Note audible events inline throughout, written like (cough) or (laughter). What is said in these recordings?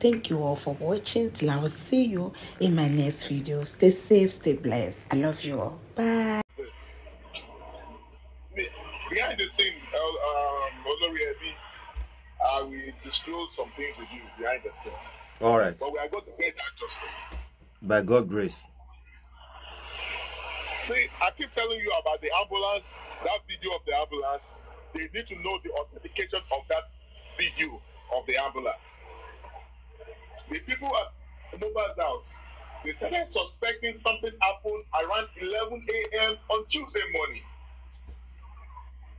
thank you all for watching till i will see you in my next video stay safe stay blessed i love you all bye behind the scene um, i will disclose some things with you behind the scene all right but we are going to get that justice by god grace see i keep telling you about the ambulance that video of the ambulance they need to know the authentication of that video of the ambulance The people at Mobile's house, they started suspecting something happened around 11 a.m. on Tuesday morning.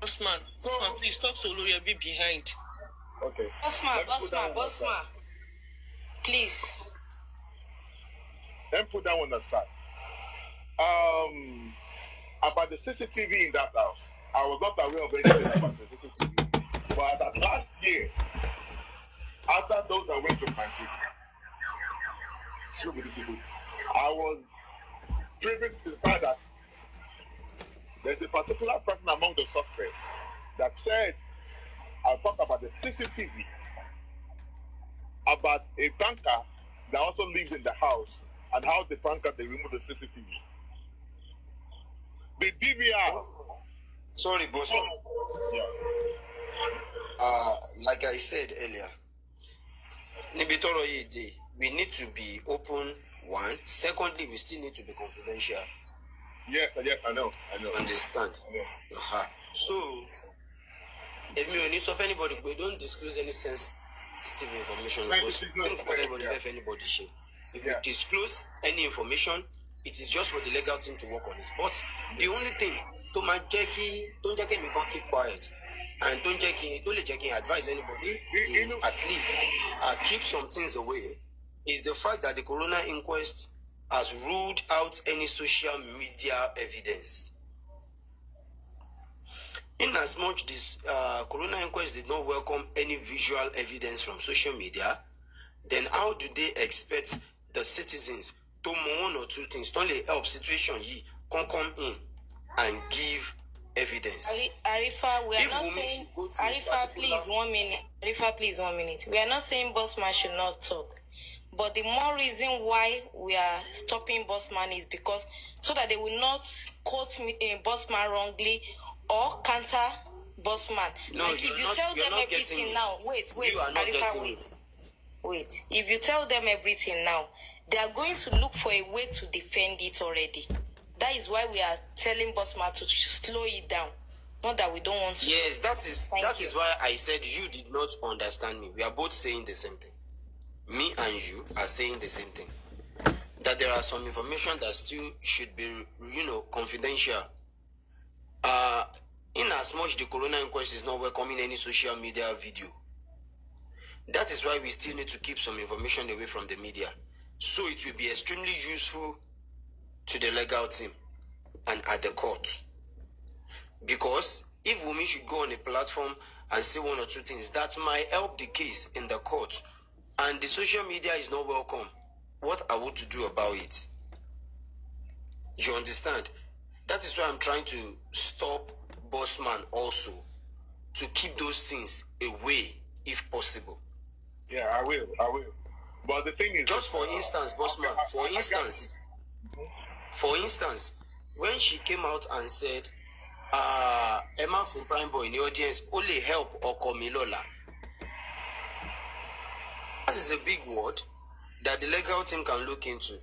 Bossman, so, Bossman, please talk to You'll be behind. Okay. Bossman, Bossman, Bossman, please. Then put that one aside. Um, about the CCTV in that house, I was not aware of anything about the CCTV. But that last year, after those I went to Manchester, I was driven to the fact that there's a particular person among the suspects that said, I talked about the CCTV, about a banker that also lives in the house, and how the banker they removed the CCTV. The DVR. Sorry, boss. Yeah. Uh, like I said earlier, Nibitoro tọ́rọ̀ we need to be open. One. Secondly, we still need to be confidential. Yes, yes, I know, I know. Understand. I know. Uh-huh. So, if ò ní of anybody we do don't disclose any sensitive information because don't for anybody yeah. anybody share. If yeah. you disclose any information, it is just for the legal team to work on it. But the only thing tó not jẹ́ kí tó ń jẹ́ keep quiet and don't Jackie. Don't let Jackie advise anybody to at least uh, keep some things away is the fact that the coroner inquest has ruled out any social media evidence. Inasmuch this uh, coroner inquest did not welcome any visual evidence from social media, then how do they expect the citizens to one or two things? Don't they help situation ye can come in and give evidence. Arifa, we are if not saying. Arifa, please one minute. Arifa, please one minute. We are not saying Bossman should not talk. But the more reason why we are stopping Bossman is because so that they will not quote me, uh, eh, Bossman wrongly or counter Bossman. No, like if you not, tell them everything now, wait, wait, Arifa, wait. Wait. If you tell them everything now, they are going to look for a way to defend it already. That is why we are telling Bossman to slow it down. Not that we don't want to. Yes, that is Thank that you. is why I said you did not understand me. We are both saying the same thing me and you are saying the same thing. That there are some information that still should be, you know, confidential. Uh, in as much the corona inquest is not welcoming any social media video. That is why we still need to keep some information away from the media. So it will be extremely useful to the legal team and at the court. Because if women should go on a platform and say one or two things, that might help the case in the court and the social media is not welcome, what are we to do about it? You understand? That is why I'm trying to stop Bossman also to keep those things away if possible. Yeah, I will. I will. But the thing is, just for uh, instance, Bossman, okay, for instance, for instance, when she came out and said, uh, Emma from Prime Boy in the audience only help Lola." That is a big word that the legal team can look into.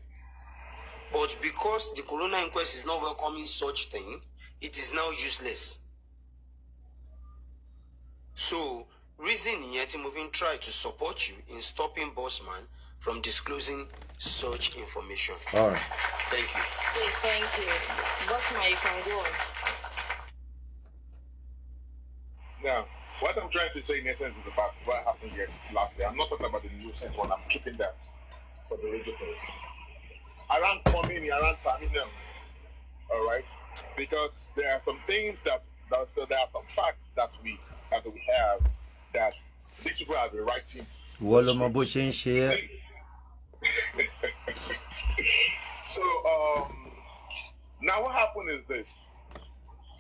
But because the corona inquest is not welcoming such thing, it is now useless. So, reason Yeti Moving tried to support you in stopping Bossman from disclosing such information. All right. Thank you. Hey, thank you. Bossman, you can go on. Now, what I'm trying to say in essence is about what happened yes last year. I'm not talking about the new sense one. I'm keeping that for the radio program. Around coming, around terminal. All right, because there are some things that so there are some facts that we that we have that these people have right. Team. Wọlọmọ bó ṣe ń ṣe é. (laughs) So um, now what happened is this: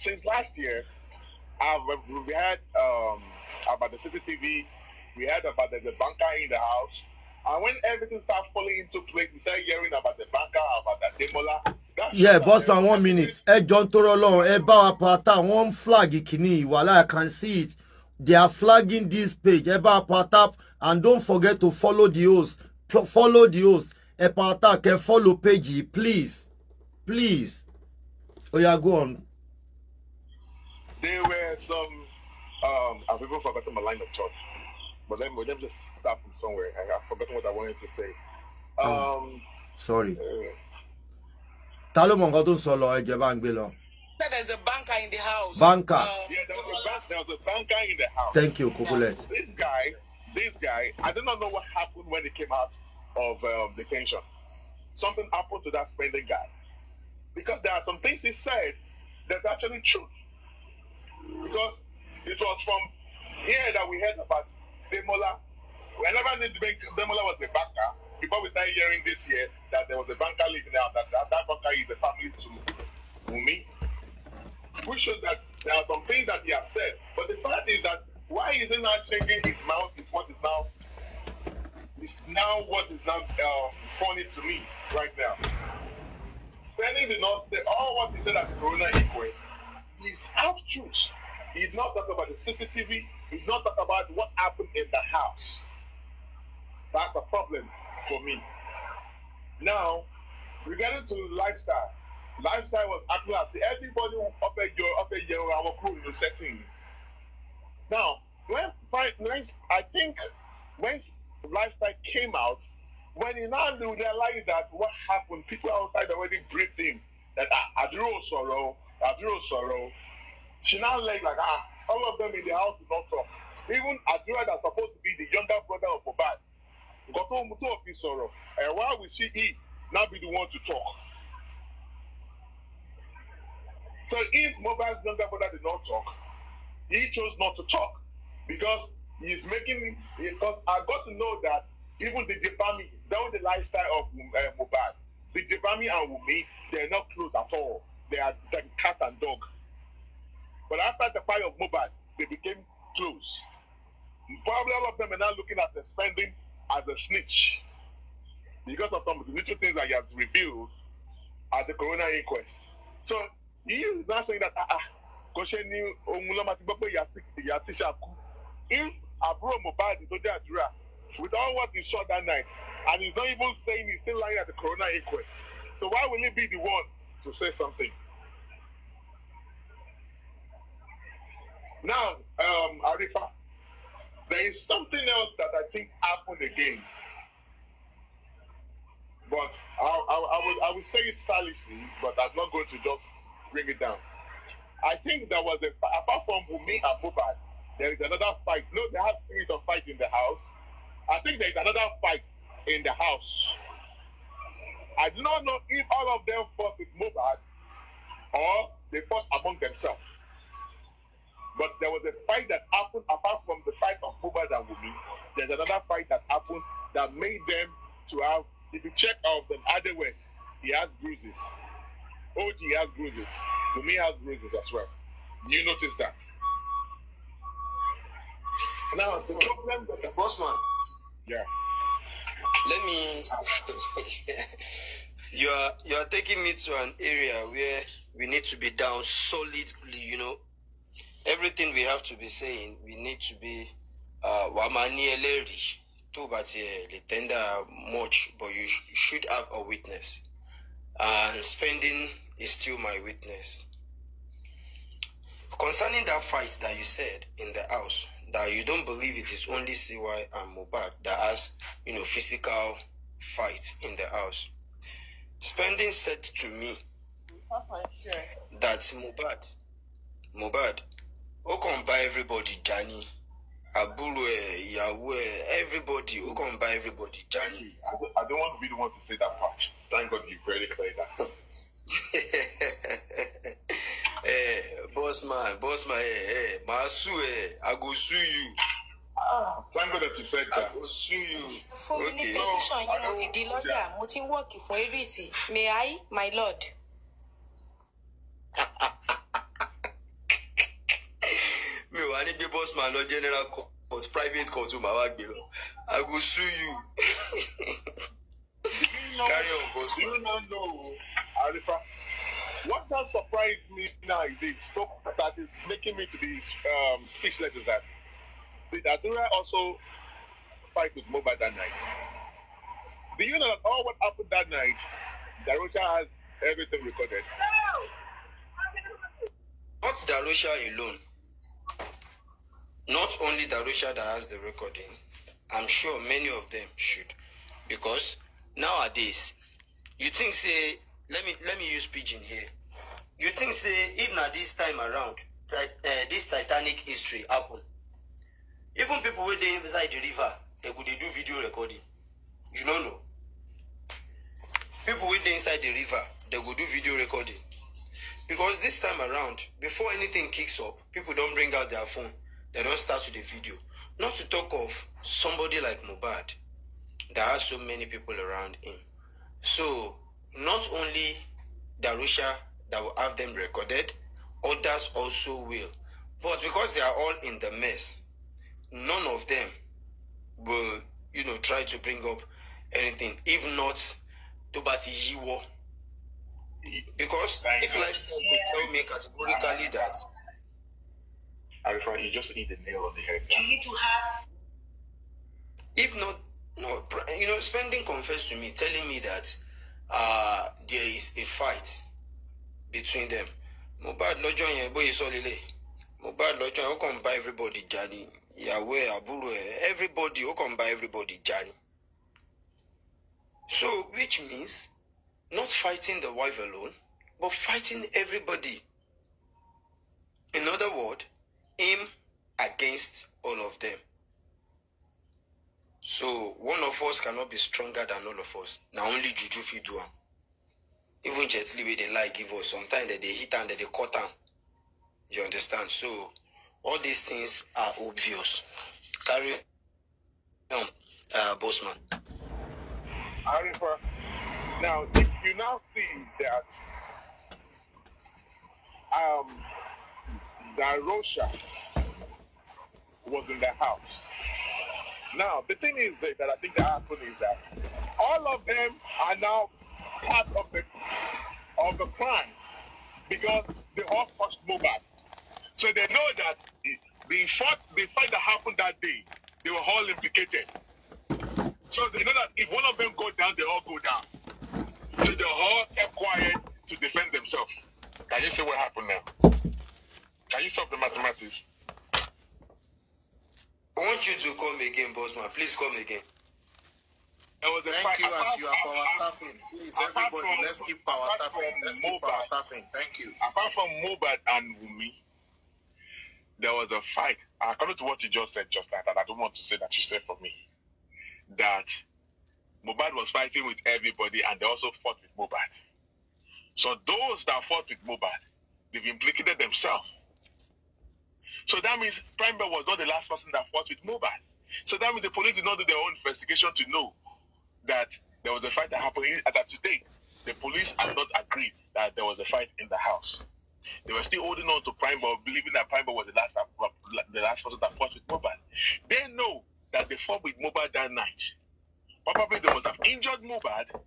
since last year. I've, uh, we had um, about the CCTV, we had about the, the banker in the house. And when everything starts falling into place, we start hearing about the banker, about the demola. Yeah, boss man, one minute. Ẹ John ń tọrọ lọ́rùn, ẹ pata, wọ́n flag kìíní While I can see it. They are flagging this page. Ẹ bá and don't forget to follow the host. Follow the host. Ẹ pata can follow page Please, please. Oh yeah, go on. They were some. Um, I've even forgotten my line of thought. But let me let me just start from somewhere. I, have forgotten what I wanted to say. Oh, um, sorry. Uh, Ta ló mọ nǹkan tó sọ There's a banker in the house. Banker. Um, yeah, there was, a bank, there was a banker in the house. Thank you, Kukulet. Yeah. This guy, this guy, I do not know what happened when he came out of um, detention. Something happened to that spending guy. Because there are some things he said that's actually true. Because it was from here that we heard about Demola. We never knew Demola was a banker before we started hearing this year that there was a banker living there, that, that, that banker is a family to me. We showed that there are some things that he has said. But the fact is that why is he not changing his mouth is what is now is now what is now uh, funny to me right now. Standing the North, all what he said at Corona equals is half truth. He's not talking about the CCTV. He's not talking about what happened in the house. That's a problem for me. Now, regarding to lifestyle, lifestyle was at last. Everybody up a year, up a year, our crew was setting. Now, when, when I think when lifestyle came out, when he now realized that what happened, people outside already breathed in that I, I drew sorrow. àbúrò sọ̀rọ̀ o she now like like ah all of them in the house is not talk even àdúrà that supposed to be the younger brother of Mohbad nǹkan tó mú tó fi sọ̀rọ̀ And eh, why we see he now be the one to talk so if Mohbad's younger brother did not talk he chose not to talk because he is making because I got to know that even the Jibami was the lifestyle of uh, Mohbad the Jibami and Wunmi they're not close at all they are like cat and dog. But after the fire of Mobile, they became close. Probably all of them are now looking at the spending as a snitch because of some of the little things that he has revealed at the corona inquest. So he is now saying that ah ah kòṣe ni ohun ló máa ti gbọ́ pé ìyá tíṣà If àbúrò Mohbad tó jẹ́ àdúrà with all what he saw that night and he's not even saying he's still lying at the corona inquest. So why will he be the one to say something. Now, um, Arifa, there is something else that I think happened again. But I, I, I, would, I would say it stylishly, but I'm not going to just bring it down. I think there was a, apart from Bumi and Mubad, there is another fight. No, they have series of fights in the house. I think there is another fight in the house I do not know if all of them fought with Mobad or they fought among themselves. But there was a fight that happened apart from the fight of Mobad and Wumi. There's another fight that happened that made them to have, if you check out them, Adewes, he has bruises. OG has bruises. Wumi has bruises as well. You notice that. Now, the problem that the boss man. Yeah. Let me. (laughs) you are you are taking me to an area where we need to be down solidly. You know, everything we have to be saying, we need to be. Uh, too, but the tender much, but you sh should have a witness. And spending is still my witness. Concerning that fight that you said in the house, that you don't believe it is only CY and Mubad that has, you know, physical fight in the house. Spending said to me that Mubad, Mubad, who kàn bá everybody Danny, Abulwe, àbúrò everybody who kàn bá everybody Danny. I don't want to be the one to say that part. Thank God you've very clear that. (laughs) Eh, bossman bossman ẹ eh, ẹ eh, màá sue eh, ẹ i go sue you. Ah, thank God that you said that. I go sue you. Fún mi ní petition yìí mo ti di oh, lọ́jà mo ti ń wọ̀kì fún Erisi may I my lord. (laughs) mi ò wá ní gbé bossman lọ general court private court ó máa wá gbé lọ I go sue you. Carry on bossman. Do you not know Arifa? What does surprise me now is this that is making me to be um, speechless is that did Adura also fight with Mobile that night? Do you know that all what happened that night, Darusha has everything recorded? Not Darusha alone. Not only Darusha that has the recording, I'm sure many of them should. Because nowadays, you think, say, let me let me use pigeon here you think say even at this time around eh, this titanic history happen even people wey dey inside the river they go they do video recording you no know People with inside the river they go do video recording because this time around before anything kicks up people don't bring out their phone they don't start to the video not to talk of somebody like Mubad, there are so many people around him so not only Darusha that will have them recorded, others also will. But because they are all in the mess, none of them will, you know, try to bring up anything. If not, tó bá Because if lifestyle could tell me categorically that. I'm sorry, you just need the nail on the head. You need to have. If not, no, you know, spending confessed to me, telling me that uh, there is a fight between them Mohbad lọ́jọ́ yẹn bóyá sọ lélẹ̀ Mohbad lọ́jọ́ yẹn ó kàn ń bá everybody jà ní ìyàwó ẹ̀ àbúrò ẹ̀ everybody ó kàn ń bá everybody jà ní. So which means not fighting the wife alone but fighting everybody. In other words, him against all of them. So one of us cannot be stronger than all of us. Now only Juju fit do am. Even Jet Li wey dey lie give us sometimes dem dey hit am dem dey cut am. You understand? So all these things are obvious. Carry on, uh, boss man. Arifa, now if you now see that um, that Russia was in the house. Now, the thing is that, that I think that happened is that all of them are now part of the of the crime because they all forced mobile, So they know that the fault, the fight that happened that day, they were all implicated. So they know that if one of them go down, they all go down. So they all kept quiet to defend themselves. Can you see what happened now? Can you solve the mathematics? I want you to come again, bossman. Please come again. Thank you as you are power tapping. Please, everybody, let's keep power tapping. Let's keep power tapping. Thank you. Apart from Mobad and Wumi, there was a fight. I According to what you just said just now, and I don't want to say that you said for me, that Mobad was fighting with everybody and they also fought with Mobad. So those that fought with Mobad, they've implicated themselves. So that means Prime was not the last person that fought with mobile. So that means the police did not do their own investigation to know that there was a fight that happened and that today the police have not agreed that there was a fight in the house. They were still holding on to Prime believing that Prime was the last the last person that fought with mobile. They know that they fought with mobile that night. Probably they must have injured mobile.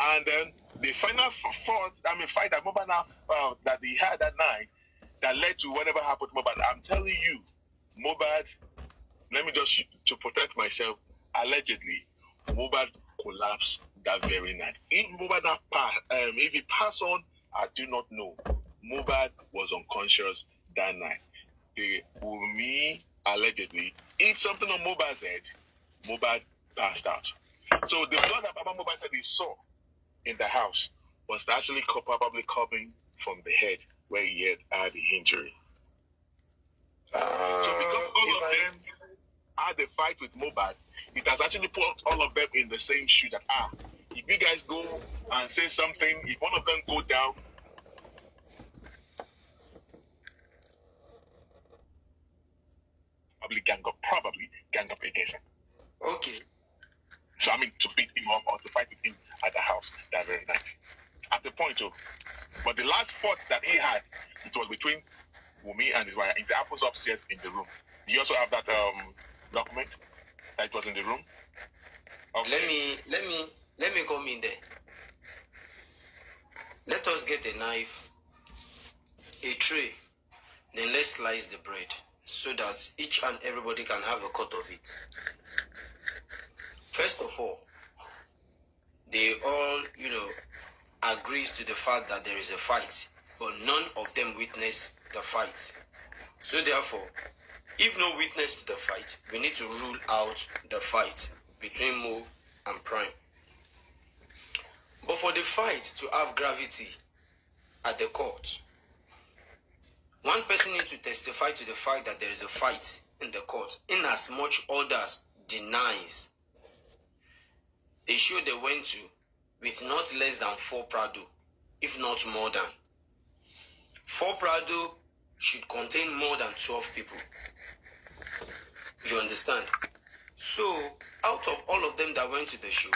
and then the final fought, I mean fight that mobile now uh, that they had that night that led to whatever happened to Mobad. I'm telling you, Mobad, let me just, to protect myself, allegedly, Mobad collapsed that very night. If Mobad passed, um, if he passed on, I do not know. Mobad was unconscious that night. The me, allegedly eat something on Mobad's head. Mobad passed out. So the blood that Baba Mobad said he saw in the house was actually probably coming from the head where he had had the injury. Uh, so because all of I... them had the fight with Mobad, it has actually put all of them in the same shoe that ah, if you guys go and say something, if one of them go down, probably gang up, probably gang up against him. Okay. So I mean to beat him up or to fight with him at the house that very night at the point of. But the last fought that he had, it was between Wumi and his wife. It happens upstairs in the room. You also have that um, document that was in the room. Okay. Let me let me let me come in there. Let us get a knife, a tray, then let's slice the bread so that each and everybody can have a cut of it. First of all, they all, you know, agrees to the fact that there is a fight, but none of them witness the fight. So therefore, if no witness to the fight, we need to rule out the fight between Mo and Prime. But for the fight to have gravity at the court, one person needs to testify to the fact that there is a fight in the court, in as much others denies. they show they went to with not less than four Prado, if not more than. Four Prado should contain more than 12 people. You understand? So, out of all of them that went to the show,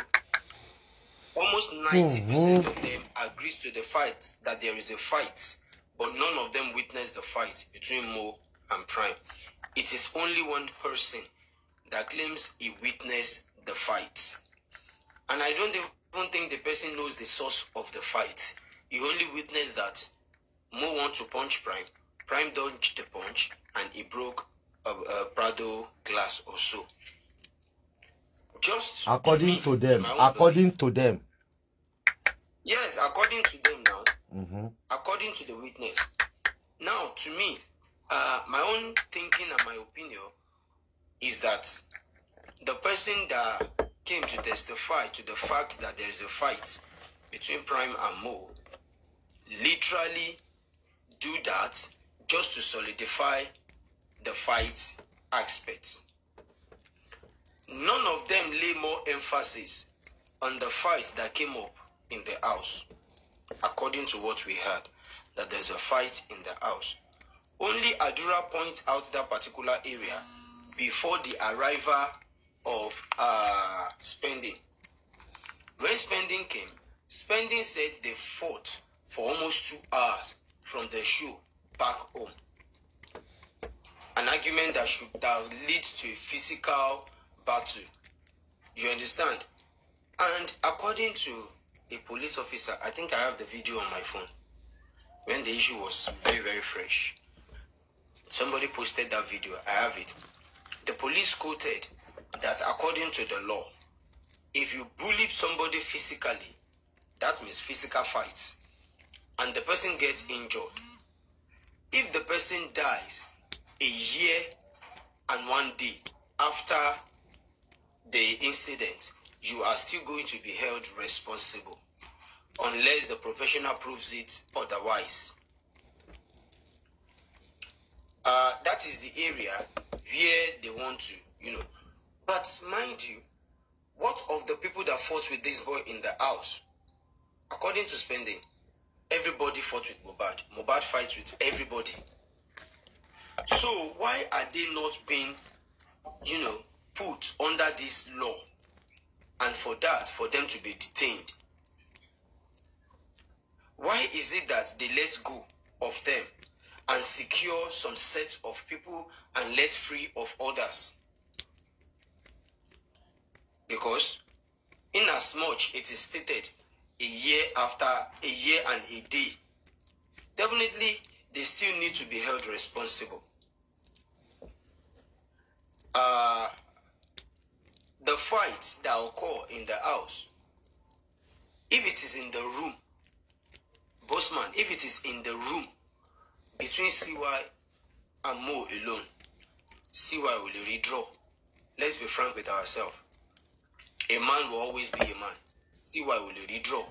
almost 90% percent hmm. of them agrees to the fight, that there is a fight, but none of them witnessed the fight between Mo and Prime. It is only one person that claims he witnessed the fight. And I don't don't think the person knows the source of the fight. You only witness that Mo want to punch Prime. Prime dodged the punch and he broke a, a Prado glass or so. Just according to, me, to them, to according belief. to them. Yes, according to them now. Mm -hmm. According to the witness. Now, to me, uh, my own thinking and my opinion is that the person that came to testify to the fact that there is a fight between Prime and Mo literally do that just to solidify the fight aspect. None of them lay more emphasis on the fight that came up in the house, according to what we heard, that there's a fight in the house. Only Adura points out that particular area before the arrival of uh, spending. When spending came, spending said they fought for almost two hours from the show back home. An argument that should that leads to a physical battle. You understand? And according to a police officer, I think I have the video on my phone. When the issue was very, very fresh. Somebody posted that video. I have it. The police quoted that according to the law, if you bully somebody physically, that means physical fights, and the person gets injured, if the person dies a year and one day after the incident, you are still going to be held responsible unless the professional proves it otherwise. Uh, that is the area where they want to, you know, but mind you, what of the people that fought with this boy in the house? According to spending, everybody fought with Mobad. Mobad fights with everybody. So why are they not being, you know, put under this law? And for that, for them to be detained. Why is it that they let go of them and secure some set of people and let free of others? Because inasmuch it is stated a year after a year and a day, definitely they still need to be held responsible. Uh, the fight that occur in the house, if it is in the room, bossman, if it is in the room between CY and Mo alone, CY will redraw. Let's be frank with ourselves. A man will always be a man. See why we will redraw.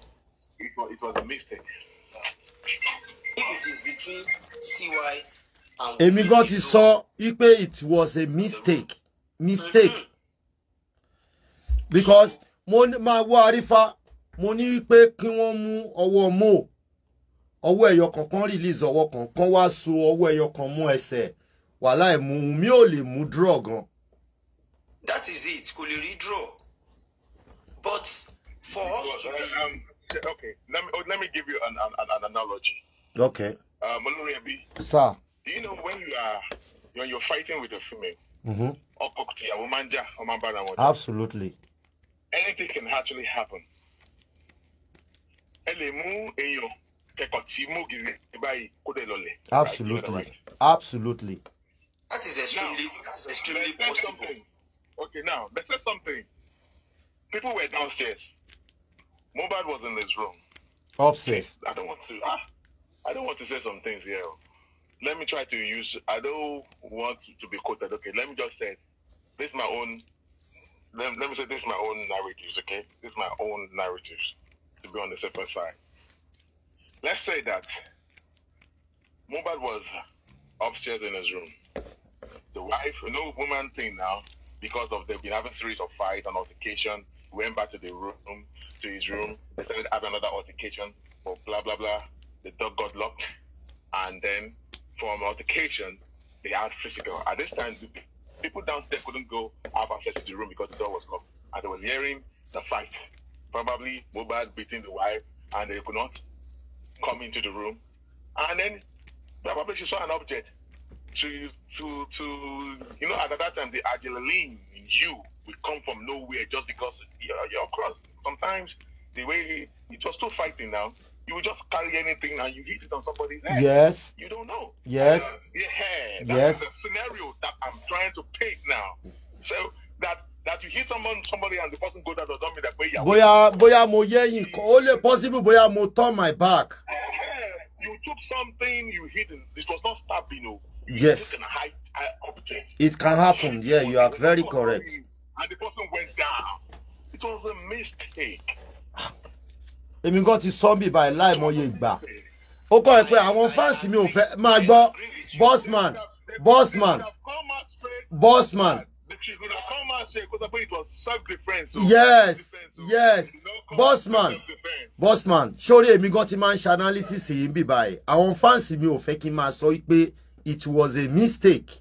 It was, it was a mistake. If it is between CY and Èmi gan ti sọ wípé it was a mistake. Mistake. Mm-hmm. Because mo ma wá arífa mo ní pé mu owo mo, owo mò ọwọ́ ẹ̀yọ kankan release ọwọ́ kankan wá so ọwọ́ ẹ̀yọ kan mú ẹsẹ̀ wàhálà ẹ̀ mú mi ò lè mú draw gan. That is it kò lè rí But for us to um, be. Um, okay, let me, oh, let me give you an, an, an analogy. Okay. Uh, B. Sir. Do you know when you are when you're fighting with a female? Mm-hmm. Absolutely. Anything can actually happen. Absolutely. Absolutely. That is extremely now, extremely possible. Okay, now let's say something. People were downstairs. Mobad was in his room. Upstairs. I don't want to. Ah, I don't want to say some things here. Let me try to use. I don't want to be quoted. Okay, let me just say this is my own. Let, let me say this is my own narratives. Okay, this is my own narratives to be on the safer side. Let's say that Mobad was upstairs in his room. The wife, no woman thing now, because of they've been having series of fights and altercation went back to the room, to his room. They started having another altercation but blah, blah, blah. The dog got locked. And then from altercation, they had physical. At this time, people downstairs couldn't go have access to the room because the door was locked. And they were hearing the fight. Probably Mobad beating the wife, and they could not come into the room. And then probably she saw an object. To, to, to, you know, at that time, the adrenaline in you we come from nowhere just because you're, you're cross. Sometimes the way he, it was too fighting now. You just carry anything and you hit it on somebody's head. Yes. You don't know. Yes. Uh, yeah. That yes. is a scenario that I'm trying to paint now. So that that you hit someone somebody and the person goes down doesn't mean that boy. Bóyá bóyá mo yẹ̀yìn only possible bóyá mo turn my back. Yeah. Uh-huh. You took something you hidden. This was not stabbing you. yes. it can happen. Yeah, you are very correct. and the person went down. It was a mistake. Èmi gan ti sọ bí báyìí láì mọye ìgbà. Ó kọ́ ẹ pé àwọn fáǹsì mi ò fẹ́ máa gbọ́ Bossman Bossman Bossman. Yes yes Bossman Bossman sórí èmi gan ti máa ń ṣe analysis yìí bí báyìí. Àwọn fáǹsì mi ò fẹ́ kí n máa sọ pé it was a mistake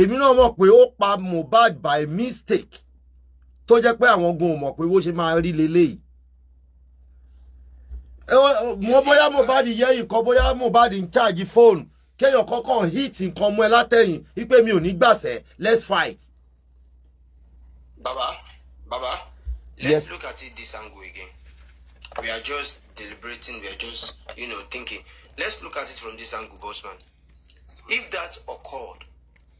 èmi náà mọ̀ pé ó pa Mohbad by mistake tó jẹ́ pé àwọn gan ò mọ̀ pé bó ṣe máa rí leléyìí mo bóyá uh, Mohbad yẹ nǹkan bóyá Mohbad ń ṣáàjì fóònù kéèyàn kọ́kọ́ hit nǹkan mú ẹ látẹ̀yìn wípé mi ò ní gbàṣẹ let's fight. baba baba let's look at it this angle again we are just deliberating we are just you know, thinking let's look at it from this angle bossman if that occurred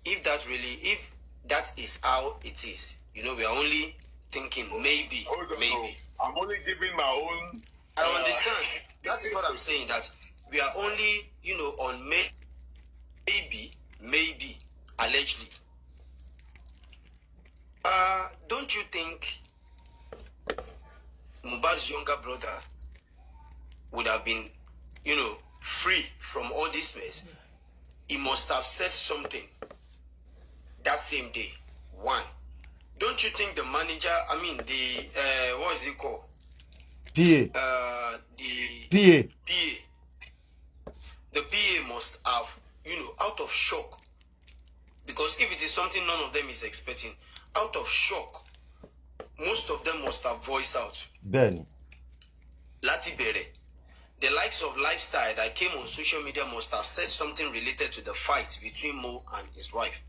if that really if that is how it is you know we are only thinking maybe maybe i'm only giving my own uh, i understand that is what i'm (laughs) saying that we are only you know on may, maybe maybe allegedly uh don't you think Mubarak's younger brother would have been you know free from all this mess he must have said something that same day. One. Don't you think the manager, I mean, the, uh, what is it called? PA. Uh, the PA. PA. The PA must have, you know, out of shock. Because if it is something none of them is expecting, out of shock, most of them must have voiced out. Ben. Latibere, The likes of lifestyle that came on social media must have said something related to the fight between Mo and his wife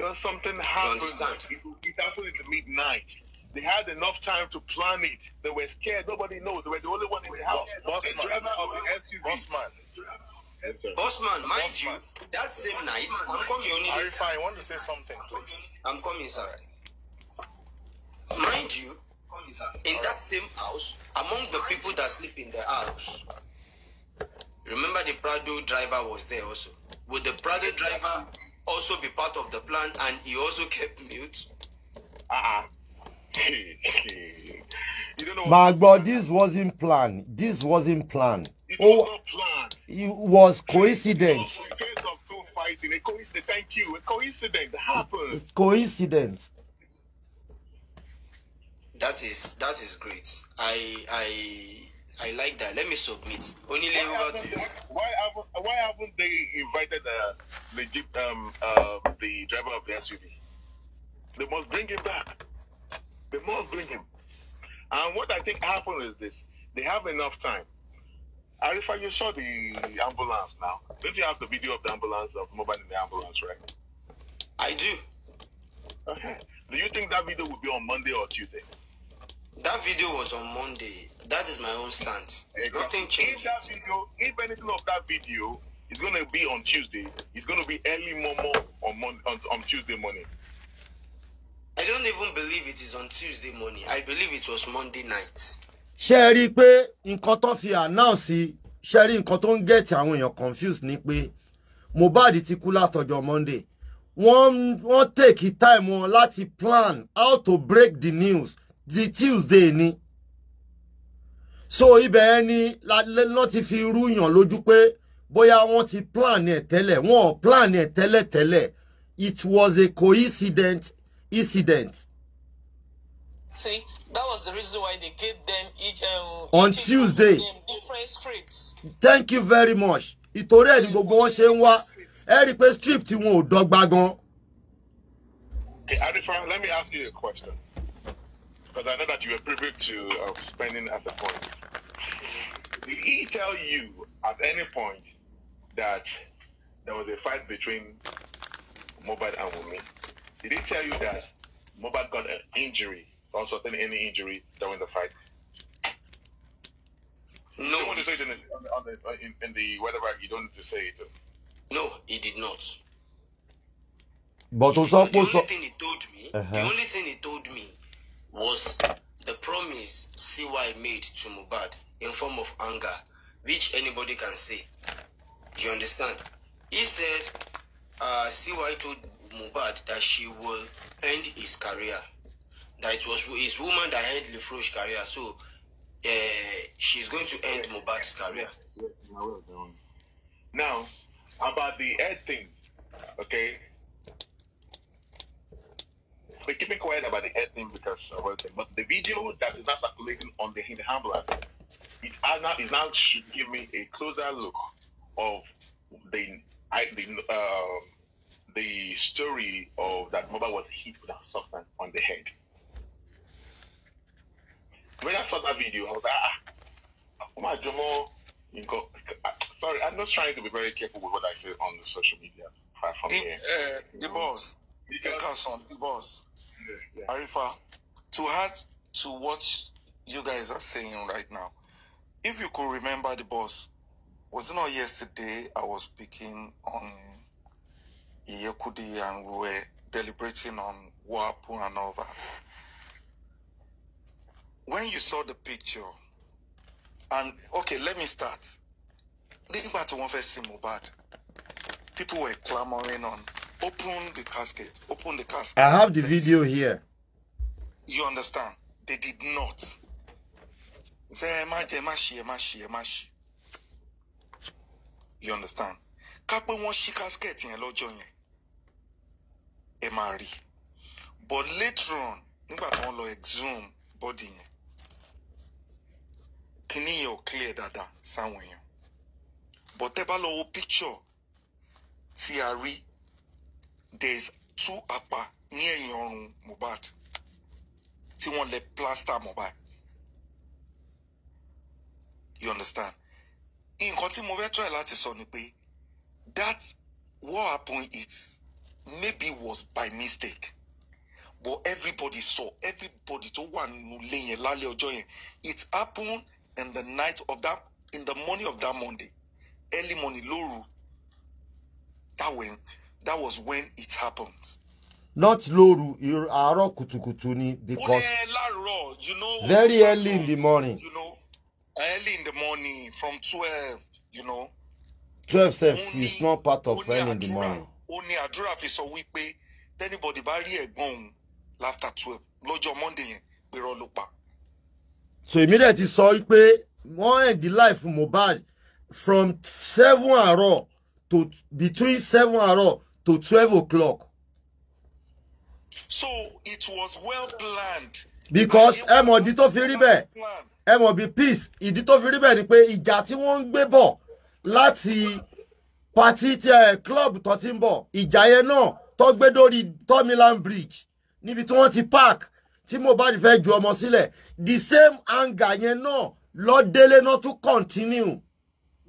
because something happened. It, it happened at midnight. They had enough time to plan it. They were scared. Nobody knows. They were the only one in the house. Bossman. Bossman. Bossman, mind you, that same night, I'm coming. Arifa, I want to say something, please. I'm coming, sir. Mind you, in that same house, among the people that sleep in the house, remember the Prado driver was there also. With the Prado driver also be part of the plan and he also kept mute? Uh-uh. My God, this wasn't planned. This wasn't planned. It was oh, planned. It was coincidence. Thank you. A coincidence happened. coincidence. That is that is great. I I I like that. Let me submit. to Why haven't Why haven't they invited uh, the jeep, um, uh, the driver of the SUV? They must bring him back. They must bring him. And what I think happened is this: they have enough time. Arifa, you saw the ambulance now. Don't you have the video of the ambulance of mobile in the ambulance, right? I do. Okay. Do you think that video will be on Monday or Tuesday? That video was on Monday. That is my own stance. Exactly. Nothing changed. If that video, if anything of that video is going to be on Tuesday, it's going to be early momo on, on, on Tuesday morning. I don't even believe it is on Tuesday morning. I believe it was Monday night. Sherry, ẹ in i now, see Sherry in announce ṣé ẹ rí nǹkan confused ni pé Mohbad ti kú látọjọ́ Monday. One, one take time wọn láti plan how to break the news di Tuesday ni so ibẹ̀ yẹn ni lọ́ ti fi rúyàn lójú pé bóyá wọ́n ti plan ẹ̀ tẹ́lẹ̀ wọ́n plan ẹ̀ tẹ́lẹ̀ tẹ́lẹ̀ it was a coincident incident. See, that was the reason why they gave them each, um, on each Tuesday different scripts. Thank you very much. Ìtorí ẹ̀ ni gbogbo wọn ṣe ń wá ẹ rí i pé script wọn ò dọ́gba gan. Arifa, let me ask you a question. Because I know that you were privy to uh, spending at the point. Did he tell you at any point that there was a fight between Mobad and Wumi? Did he tell you that Mobad got an injury or sustained any injury during the fight? No. You want to say it in the, the, uh, in, in the weather you don't need to say it. No, he did not. But he also, the uh-huh. only thing he told me, uh -huh. the only thing he told me was the promise CY made to Mubad in form of anger, which anybody can see? You understand? He said uh, CY told Mubad that she will end his career. That it was his woman that ended Lefroy's career. So uh, she's going to end Mubad's career. Now, about the head thing, okay? But keep it quiet about the head thing because uh, But the video that is now circulating on the, in the it now, it now should give me a closer look of the I, the uh, the story of that mother was hit with a substance on the head. When I saw that video, I was like, ah, ah my Jomo, ah, sorry, I'm just trying to be very careful with what I say on the social media platform. The, uh, eh, the boss, the cousin, the boss. Yeah. Arifa, to add to what you guys are saying right now, if you could remember the boss, was it not yesterday I was speaking on Iyekudi and we were deliberating on what and all that? When you saw the picture, and okay, let me start. Think back to one first Mohbad. People were clamoring on Open the casket. Open the casket. I have the video here. You understand? They did not. You understand? Ká pé wọ́n ṣí casket yẹn lọ́jọ́ yẹn. Ẹ máa rí. But later on, nígbà tí wọ́n lọ exhume body yẹn, kíní yẹn ò clear dáadáa sáwọn èèyàn. But tẹ́ bá lọ picture tí a rí There's two apa ní ẹ̀yìn ọrùn Mohbad tí wọ́n lẹ plaster Mohbad you understand nǹkan tí mo fẹ́ try láti sọ ni pé that what happen it maybe was by mistake but everybody saw everybody tó wà nínú ilé yẹn lálẹ́ ọjọ́ yẹn it happened in the night of that in the morning of that Monday early morning lóru that way that was when it happened. not lóru àárọ̀ kùtùkùtù ni because you know, very early in the morning. You know, early in the morning from twelve you know. twelve sef is not part of early in the morning. ó ní àdúrà fi sọ wípé tẹ́nibọ̀dì bá rí ẹ̀gbọ́n òun after twelve lọ́jọ́ monday yẹn pé rọ́ ló pa. so ìmídẹ̀ ti sọ pé wọ́n end the life Mohbad from seven àárọ̀ to between seven àárọ̀ to 12 o'clock. So it was well planned. Because ẹ mọ̀ ìdí tó fi rí bẹ́ẹ̀ ẹ mọ̀ bí peace ìdí tó fi rí bẹ́ẹ̀ ni pé ìjà tí wọ́n ń gbé bọ̀ láti pati ti ẹ club tó ti ń bọ̀ ìjà yẹn náà tó gbé dórí Tomiland Bridge níbi tí wọ́n ti park tí Mohbad fẹ́ ju ọmọ sílẹ̀ the same anger yẹn náà lọ́dẹ́lẹ́ náà tún continue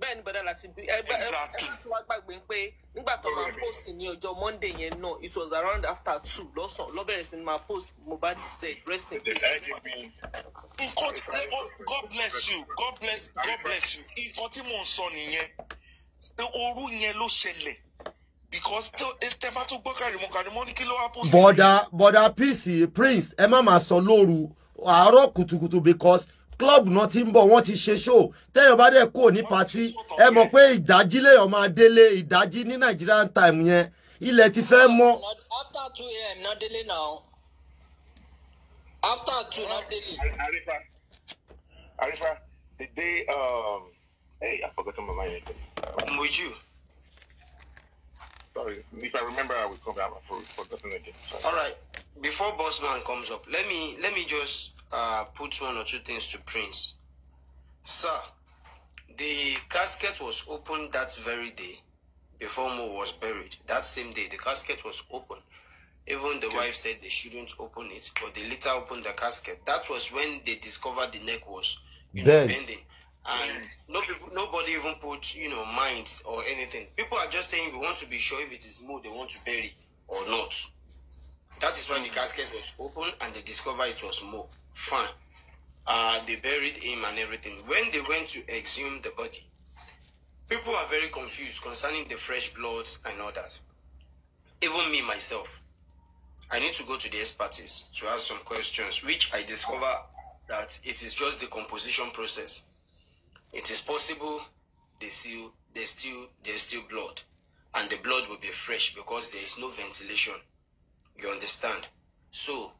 bẹ́ẹ̀ ni bọ̀dá láti bí ẹgbẹ́ ẹgbẹ́ tí gbàgbé pé nígbà tó máa post ní ọjọ́ monday yẹn náà it was around after two lọ́sàn ló sí ni máa post Mohbad is rest in peace. nǹkan tí oh, god bless you god bless god bless you nǹkan tí mò ń sọ nìyẹn pé yẹn ló ṣẹlẹ̀ because tẹ bá tún gbọ́ Karimo Karimo ní kí ló wá post. bọ̀dà bọ̀dà peace prince ẹ má máa sọ lóru àárọ̀ kùtùkùtù because club náà ti ń bọ̀ wọ́n ti ṣe show tẹ́yàn bá dẹ̀ kúrò ní party ẹ mọ̀ pé ìdájí lèèyàn máa délé ìdájí ní Nigerian time yẹn ilẹ̀ ti fẹ́ mọ́. after two am na délé now. after two na délé. Arifa Arifa the day um, hey I forget to mind. I'm with you. Sorry, if I remember, I will come back for for the All right, before Bossman comes up, let me let me just uh, put one or two things to Prince. Sir, the casket was opened that very day before Mo was buried. That same day, the casket was opened. Even the okay. wife said they shouldn't open it, but they later opened the casket. That was when they discovered the neck was you know, bending. And no people, nobody even put, you know, minds or anything. People are just saying we want to be sure if it is Mo they want to bury or not. That is when the hmm. casket was opened and they discovered it was Mo. Fine. Uh, they buried him and everything. When they went to exhume the body, people are very confused concerning the fresh bloods and all that. Even me, myself, I need to go to the expertise to ask some questions, which I discover that it is just the composition process. It is possible they still, they still, there's still blood, and the blood will be fresh because there is no ventilation. You understand? So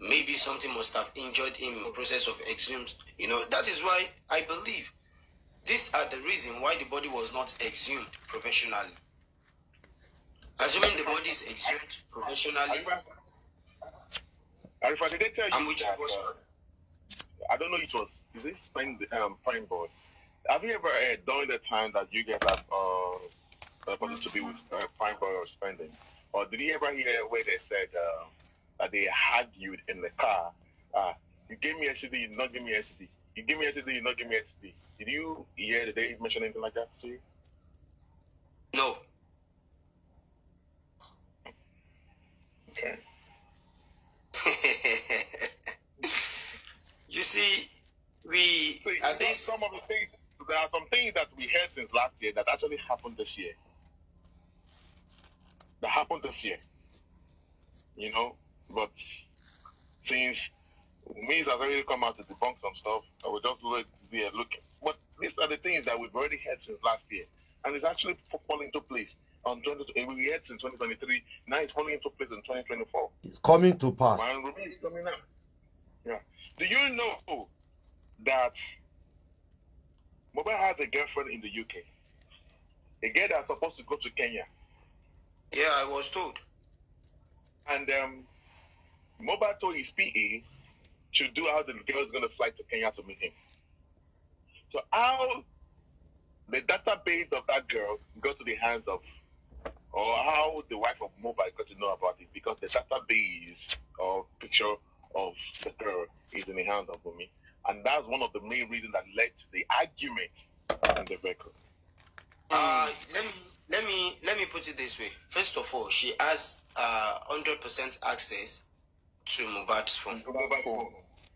Maybe something must have injured him in process of exhumed. You know, that is why I believe these are the reason why the body was not exhumed professionally. Assuming the body is exhumed professionally. tell you uh, I don't know it was is this fine um fine board. Have you ever uh, during the time that you get have uh, uh supposed to be with uh, fine boy or spending? Or did you ever hear where they said uh, that they you in the car. Uh, you gave me STD, you did not give me STD. You give me STD, you did not give me STD. Did you hear the day mention anything like that to you? No. Okay. (laughs) you see, we see, at least some of the things there are some things that we heard since last year that actually happened this year. That happened this year. You know, but since means has already come out to debunk some stuff, I will just look we are looking. But these are the things that we've already heard since last year, and it's actually falling into place. On 20, eh, we heard since 2023, now it's falling into place in 2024. It's coming to pass. And Ruby is coming out. Yeah. Do you know that Mobile has a girlfriend in the UK? A girl that's supposed to go to Kenya. Yeah, I was told. And um, told his Ifi'i to do how the girl is going to fly to Kenya to meet him. So how the database of that girl got to the hands of, or how the wife of Mobile got to know about it, because the database or picture of the girl is in the hands of Bumi. And that's one of the main reasons that led to the argument and the record. Uh, let, me, let me let me put it this way. First of all, she has uh, 100% access to Mubat's phone. Mubad phone.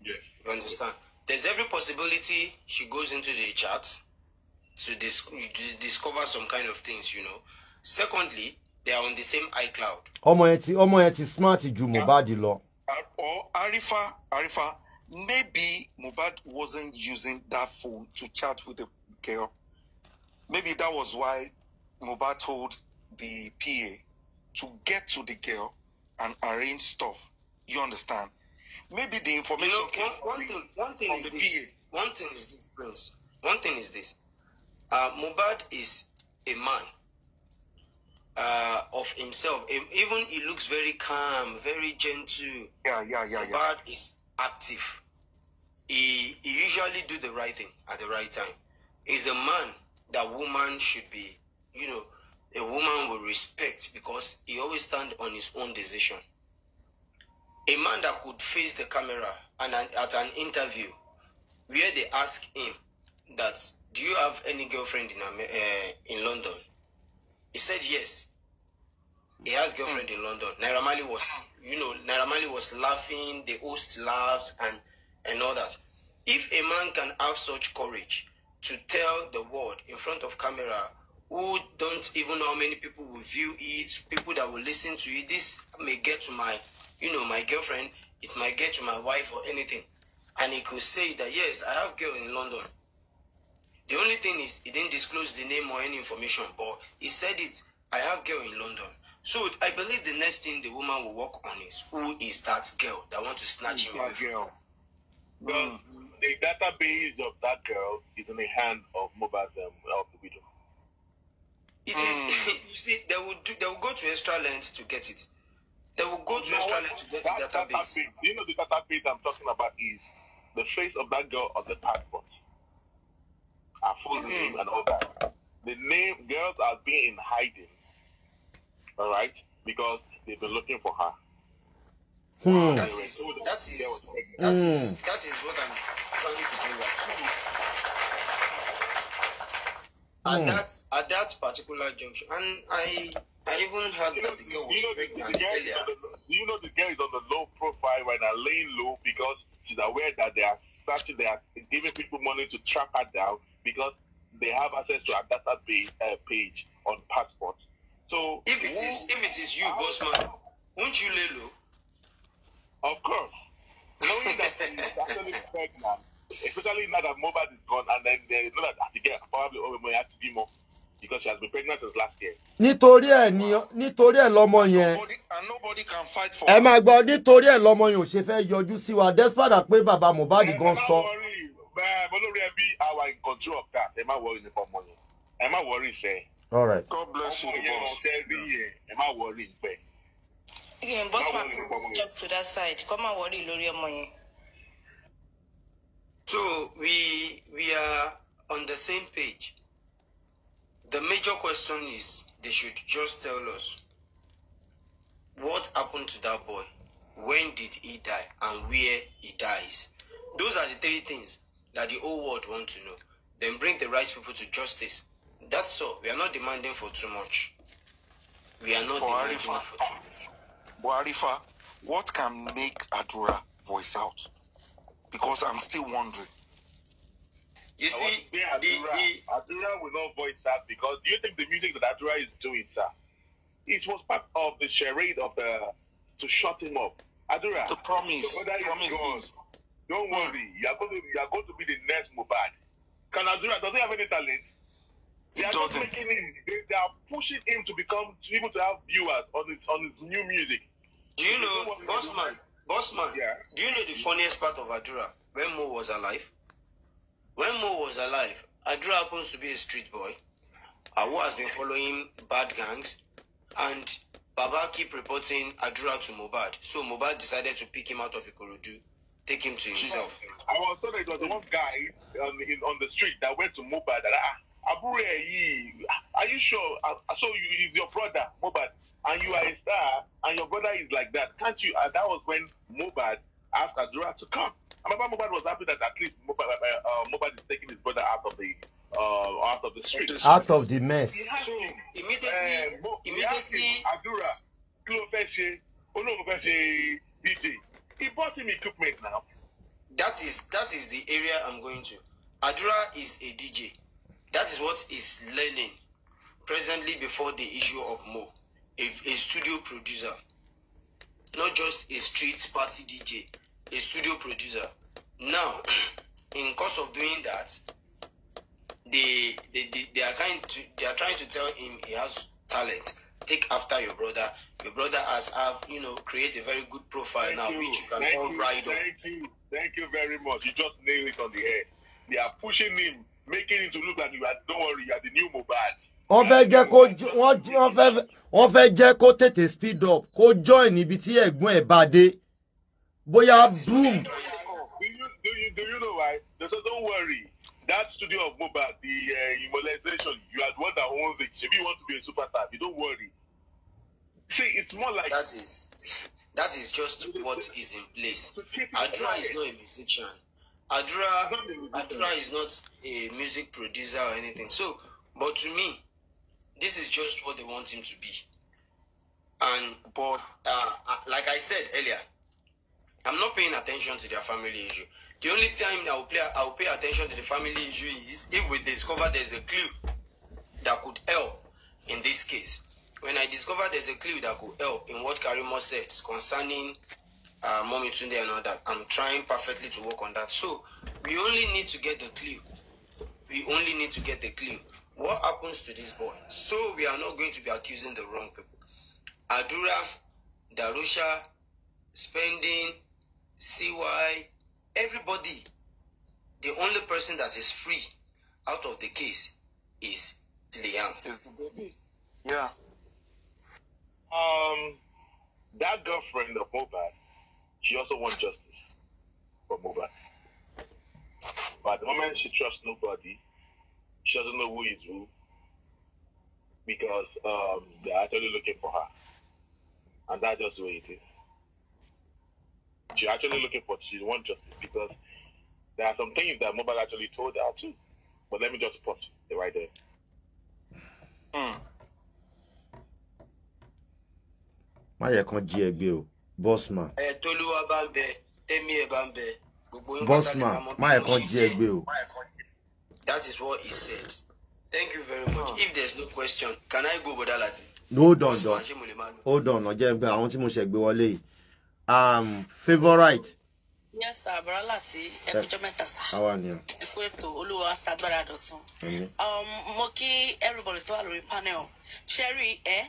Yes. You understand? There's every possibility she goes into the chat to, dis hmm. to discover some kind of things, you know. Secondly, they are on the same iCloud. Ọmọ yẹn smart ju Mohbad law. Or Arifa Arifa maybe Mohbad wasn't using that phone to chat with the girl. Maybe that was why Mohbad told the PA to get to the girl and arrange stuff you understand? Maybe the information you know, one, one, thing, one thing is this. PA. One thing is this, Prince. One thing is this. Uh, Mubad is a man uh, of himself. Even he looks very calm, very gentle. Yeah, yeah, yeah. Mubad yeah. is active. He, he usually do the right thing at the right time. He's a man that woman should be, you know, a woman will respect because he always stand on his own decision a man that could face the camera and at an interview where they ask him that do you have any girlfriend in uh, in london he said yes he has hmm. girlfriend in london naira was you know naira was laughing the host laughs and and all that if a man can have such courage to tell the world in front of camera who don't even know how many people will view it people that will listen to it this may get to my you know, my girlfriend, it might get to my wife or anything. And he could say that, yes, I have girl in London. The only thing is, he didn't disclose the name or any information, but he said it, I have girl in London. So I believe the next thing the woman will work on is, who is that girl that want to snatch him away Girl. Well, mm-hmm. the database of that girl is in the hand of Mobile of the widow. It mm. is, hmm. (laughs) you see, they will do, they will go to extra lengths to get it. They will go to now, Australia to get that the database. Do you know the database I'm talking about is the face of that girl on the passport. Her full mm-hmm. name and all that. The name girls are being in hiding. All right, because they've been looking for her. Hmm. That is that is that mm. is that is what I'm trying to bring up. At hmm. that at that particular junction, and I I even heard you know, that the girl was you know, pregnant the, the earlier. you know, the girl is on the low profile right now, laying low because she's aware that they are searching, they are giving people money to track her down because they have access to her data uh, page on passport. So if it is, if it is you, bossman, won't you lay low? Of course, knowing that is actually (laughs) pregnant, especially now that mobile is gone, and then they know that the girl probably oh, money, have to be more. because she has been pregnant since last year. nítorí ẹ ni nítorí ẹ lọmọ yẹn. and nobody can fight for her. ẹ máa gbọ́ nítorí ẹ lọmọ yẹn ò ṣe fẹ́ yọjú sí wa despite pé bàbá Mohbad gan sọ. ẹ má worry ẹbí our control of that ẹ má worry nípa ọmọ yẹn ẹ má worry ìfẹ́. all right. God bless you the boss. ọmọ yẹn ọ̀sẹ̀ rí yẹn ẹ má worry ìfẹ́. again boss ma talk to that side come and worry lórí ọmọ yẹn. so we we are on the same page. The major question is they should just tell us what happened to that boy, when did he die, and where he dies. Those are the three things that the whole world wants to know. Then bring the right people to justice. That's all. We are not demanding for too much. We are not Buharifa, demanding for too much. Buharifa, what can make Adura voice out? Because I'm still wondering. You I see, Adura. the Adura will not voice that because do you think the music that Adura is doing, sir? It was part of the charade of the to shut him up. Adura, to promise, the promise. Don't worry, you are going to you are going to be the next Mubad. Can Adura does he have any talent? They are just making him. They, they, are pushing him to become to able to have viewers on his on his new music. Do you know, Bossman? Bossman, yeah. do you know the funniest part of Adura? When Mo was alive, when Mo was alive, Adra happens to be a street boy. Awo has been following bad gangs, and Baba keep reporting Adura to Mobad. So Mobad decided to pick him out of Ikorodu, take him to himself. I was told it was one guy um, in, on the street that went to Mobad. Ah, Abure, are you sure? Ah, ah, so you is your brother Mobad, and you are a star, and your brother is like that. Can't you? that was when Mobad asked Adura to come. Remember, Mobad was happy that at least Mobad, uh, uh Mobad is taking his brother out of the uh, out of the street, out of the mess. So immediately, uh, immediately, Adura, Cloveshe, Onoveshe, DJ. He bought him equipment now. That is that is the area I'm going to. Adura is a DJ. That is what is learning presently before the issue of Mo, a, a studio producer, not just a street party DJ a studio producer. Now, (clears throat) in course of doing that, they they, they, they are kind to, they are trying to tell him he has talent. Take after your brother. Your brother has have you know create a very good profile thank now, you. which you can thank all you, ride on. Thank you, thank you very much. You just nailed it on the head. They are pushing him, making him to look like you are. Don't worry, you are the new Mohbad. wọ́n fẹ́ jẹ́ kó wọ́n fẹ́ jẹ́ kó tètè speed up kó join ibi tí ẹ̀gbọ́n ẹ̀ bá dé bóyá boom. Do you, do you, do you know why? They said, don't worry. That studio of Moba, the uh, immortalization, you are the one that owns it. If you want to be a superstar, you don't worry. See, it's more like that is that is just what is in place. Adura is not a musician. Adura Adura is not a music producer or anything. So, but to me, this is just what they want him to be. And but uh, uh like I said earlier, I'm not paying attention to their family issue. The only time I will, play, I will pay attention to the family issue is if we discover there's a clue that could help in this case. When I discover there's a clue that could help in what Karimo said concerning uh, Mommy Tunde and all that, I'm trying perfectly to work on that. So we only need to get the clue. We only need to get the clue. What happens to this boy? So we are not going to be accusing the wrong people. Adura, Darusha, spending, see why everybody, the only person that is free out of the case is Liam. the Yeah. Um, that girlfriend of Mobad, she also wants justice for Mobad. But the moment she trusts nobody, she doesn't know who is who because um, they're actually looking for her. And that's just the way it is. She's actually looking for she wants justice because there are some things that mobile actually told her too. But let me just put it right there. Mm. má yẹ kán jí ẹgbẹ́ o bosman. ẹ tolúwa bá ń bẹ tẹmí ẹ bá ń bẹ gbogbo yín bá that is what he said thank you very much oh. if there's no question can i go bọ̀dá that? no don don't. hold on I want to tí mo ṣẹ̀gbẹ́ wọlé yìí um, favorite. yes sir bọ́lá tí ẹkújọ́ mẹ́ta sá ẹkú ètò olúwa ṣàgbára dọ̀tun um, mo kí everybody tó wà lórí panel cherry eh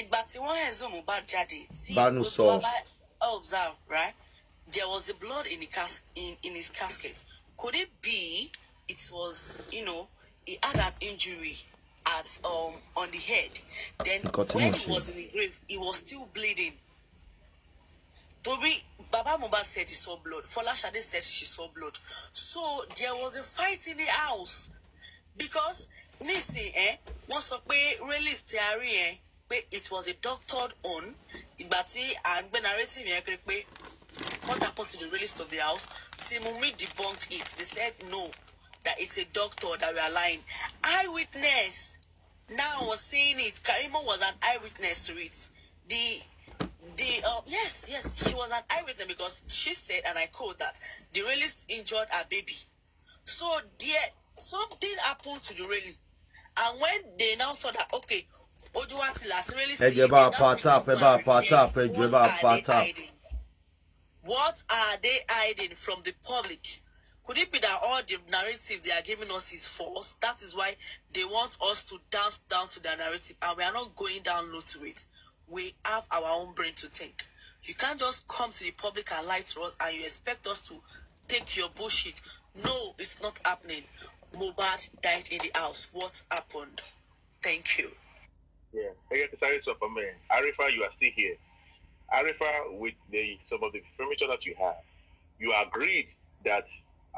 ìgbà tí wọ́n ẹ̀ zoom bá jáde tí gbogbo wa observe right there was a blood in, the cas in, in his casket could it be it was you know he had an injury at um, on the head then when he was in the grave he was still bleeding Toby Baba Mubad said he saw blood. Fola Shade said she saw blood. So there was a fight in the house because Nisi eh was sọ pé release ti a rí yẹn eh, it was a doctored on But tí à ń gbé narrative yẹn kiri pé what happened to the release of the house Timumi debunked it they said no that it's a doctor that we are lying eyewitness now was saying it Karimo was an eyewitness to it the the um, yes, yes, she was an eyewitness because she said, and I quote that the realist injured her baby. So there something happened to the railing, and when they now saw that okay, Oduwatila railings. realist jẹ́ bá part up, part up, part up. What are they hiding from the public? Could it be that all the narrative they are giving us is false? That is why they want us to dance down to their narrative, and we are not going down low to it we have our own brain to think. You can't just come to the public and lie to us and you expect us to take your bullshit. No, it's not happening. Mobad died in the house. What happened? Thank you. Yeah. Arifa, you are still here. Arifa, with the, some of the information that you have, you agreed that,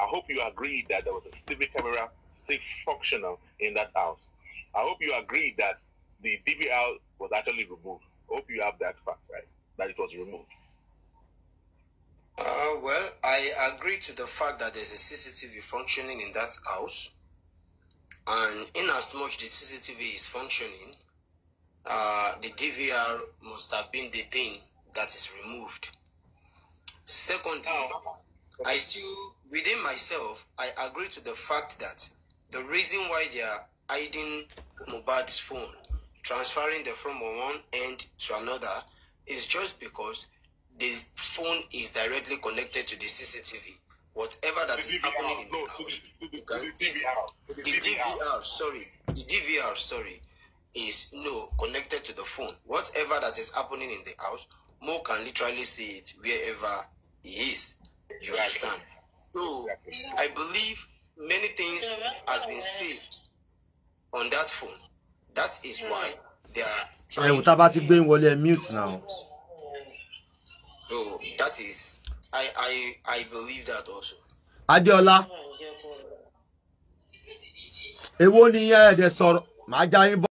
I hope you agreed that there was a CCTV camera still functional in that house. I hope you agreed that the DVL was actually removed. Hope you have that fact, right? That it was removed. Uh, well, I agree to the fact that there's a CCTV functioning in that house. And in as much the CCTV is functioning, uh, the DVR must have been the thing that is removed. Secondly, oh. I still, within myself, I agree to the fact that the reason why they are hiding Mubad's phone transferring the phone from one end to another is just because the phone is directly connected to the CCTV. Whatever that the is DVR, happening in no, the house, the, the, DVR, the DVR, sorry, the DVR, sorry, is no connected to the phone. Whatever that is happening in the house, Mo can literally see it wherever he is. You understand? So I believe many things has been saved on that phone that is why hmm. they are trying. ẹ wò tá a bá ti gbé mute now. so that is i i i believe that also. Adiola, ewo hmm. ni ẹ ẹ dẹ sọ̀rọ̀ màá já